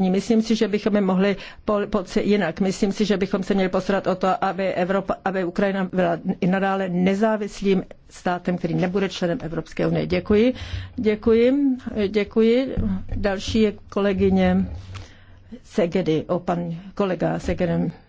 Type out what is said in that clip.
Myslím si, že bychom je mohli pomoci jinak. Myslím si, že bychom se měli postarat o to, aby, Evropa, aby Ukrajina byla i nadále nezávislým státem, který nebude členem Evropské unie. Děkuji. Děkuji. Děkuji. Další je kolegyně Segedy, o pan kolega Segedem.